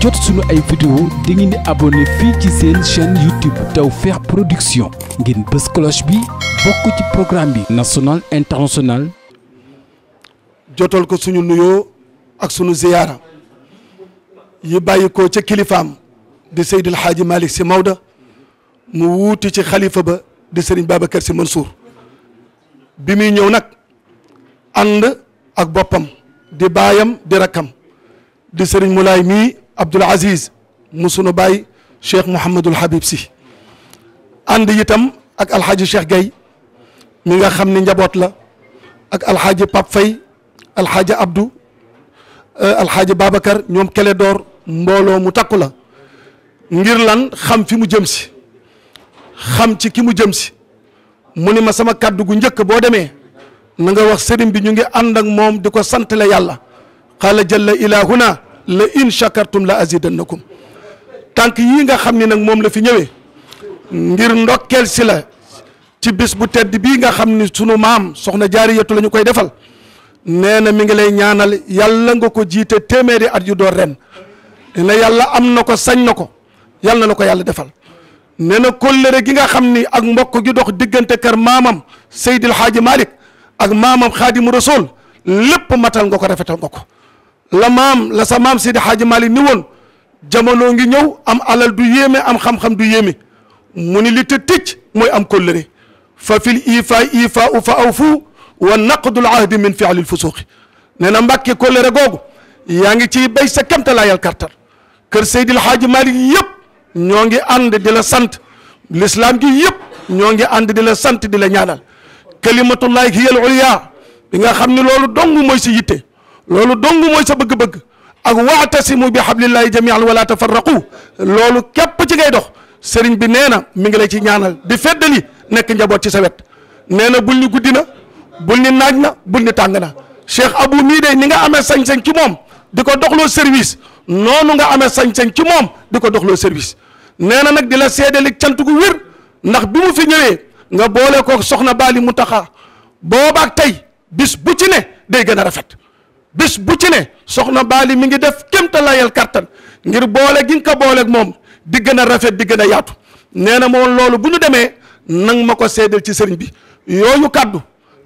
jot suñu ay vidéo da ngeen di abonné fii ci seen chaîne YouTube Tawfekh Production ngeen bës cloche bi bokk ci programme bi national international jotal ko suñu nuyoo ak suñu ziyaara yi bàyyi ko ci kilifaam di Seydil Hadji Malick Sy Maodo mu wuuti ci xalifa ba di Serigne Babacar Sy Mansour bi muy ñëw nag ànd ak boppam di baayam di rakkam di Serigne Moulay mii Abdoul Aziz mu sunu baay Cheikh Mouhamadul Habib si ànd itam ak alxaaji Cheikh Gueye mi nga xam ni njaboot la ak alxaaji Pape Faye alxaaji Abdou euh, alxaaji Babacar ñoom Kélé Dóor mbooloo mu takku la ngir lan xam fi mu jëm si xam ci ki mu jëm si mu ni ma sama kàddu gu njëkk boo demee na nga wax sëriñ bi ñu ngi ànd ak moom di ko santale yàlla xaala jalla ilahuna la in shakartum la azidannakum tànk yi nga xam ni nag moom la fi ñëwee ngir ndokkeel si la ci bis bu tedd bii nga xam ni sunu maam soxna jaariyatu la lañu koy defal nee na mi ngi lay ñaanal yàlla nga ko jiite téeméeri at yu door ren ne yàlla am na ko sañ na ko yàlla na la ko yàlla defal nee na kóllëre gi nga xam ni ak mbokk gi dox diggante kër maamam Seydil Haaji Malick ak maamam Xaadimu Rasuul lépp matal nga ko rafetal nga ko la maam la sa maam Seydi Hadji Malick ni woon jamono ngi ñëw am alal du yéeme am xam-xam du yéeme mu ni li te tëcc mooy am kóllëre fa fil ifa ifa u fa aw fu wa naqdul ahdi min fi'lil fusuqi nee na mbàkke kóllëre googu yaa ngi ciy béy sa kemtalaayal kartal kër Seydil Hadji Malick yëpp ñoo ngi ànd di la sant l'islam gi yëpp ñoo ngi ànd di la sant di la ñaanal kalimatullahi hiya al ulya bi nga xam ne loolu dong mooy si yitte loolu dong mooy sa bëgg-bëgg ak waatasimu bi hablillahi jamian wala tafarraqu loolu képp ci ngay dox seriñ bi nee na mi ngi lay ci ñaanal di feddali nekk njaboot ci sa wet nee na bul ni guddi na bul ni naaj na bul ni tàng na Cheikh Abou mii de ni nga amee sañ-sañ ci moom di ko dox doxloo service noonu nga amee sañ-sañ ci moom di ko dox doxloo service nee na nag di la seedali cant gu wér ndax bi mu fi ñëwee nga boole ko soxna mu taxa boobaak tey bis bu ci ne day gën a rafet bés bu ci ne soxna Baali mi ngi def kémta layal kattan ngir boole gi nga ko booleeg moom di gën a rafet di gën a yaatu nee na moom loolu bu ñu demee nang ma ko seedal ci sëriñ bi yooyu kàddu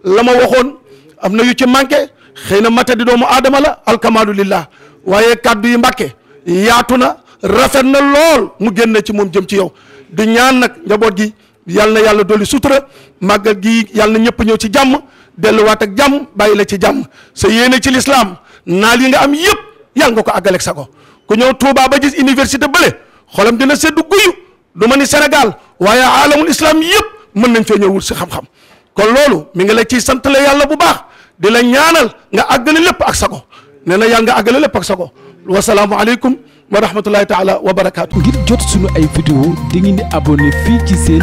la ma waxoon am na yu ci manqué xëy na mata di doomu aadama la alkamalu lillah waaye kàddu yi mbàkke yaatu na rafet na lool mu génn ci moom jëm ci yow di ñaan nag njaboot gi yal na yàlla dolli sutura màggal gi yàlla na ñëpp ñëw ci jàmm delluwaat ak jàmm bàyyi la ci jàmm sa yéene ci lislaam naa yi nga am yëpp yàlla nga ko àggaleeg sa ko ku ñëw Touba ba gis université bële xolam dina seddu guyu du ma ni Sénégal waaye aalamul islam yëpp mën nañ fee ñëw wut si xam-xam kon loolu mu ngi la ciy sant la yàlla bu baax di la ñaanal nga àggale lépp ak sa ko nee na yàlla nga àggale lépp ak sa ko wasalaamu aleykum wa rahmatullahi taala wa barakaatu. ngir jot suñu ay vidéo di ngeen di abonné fii ci seen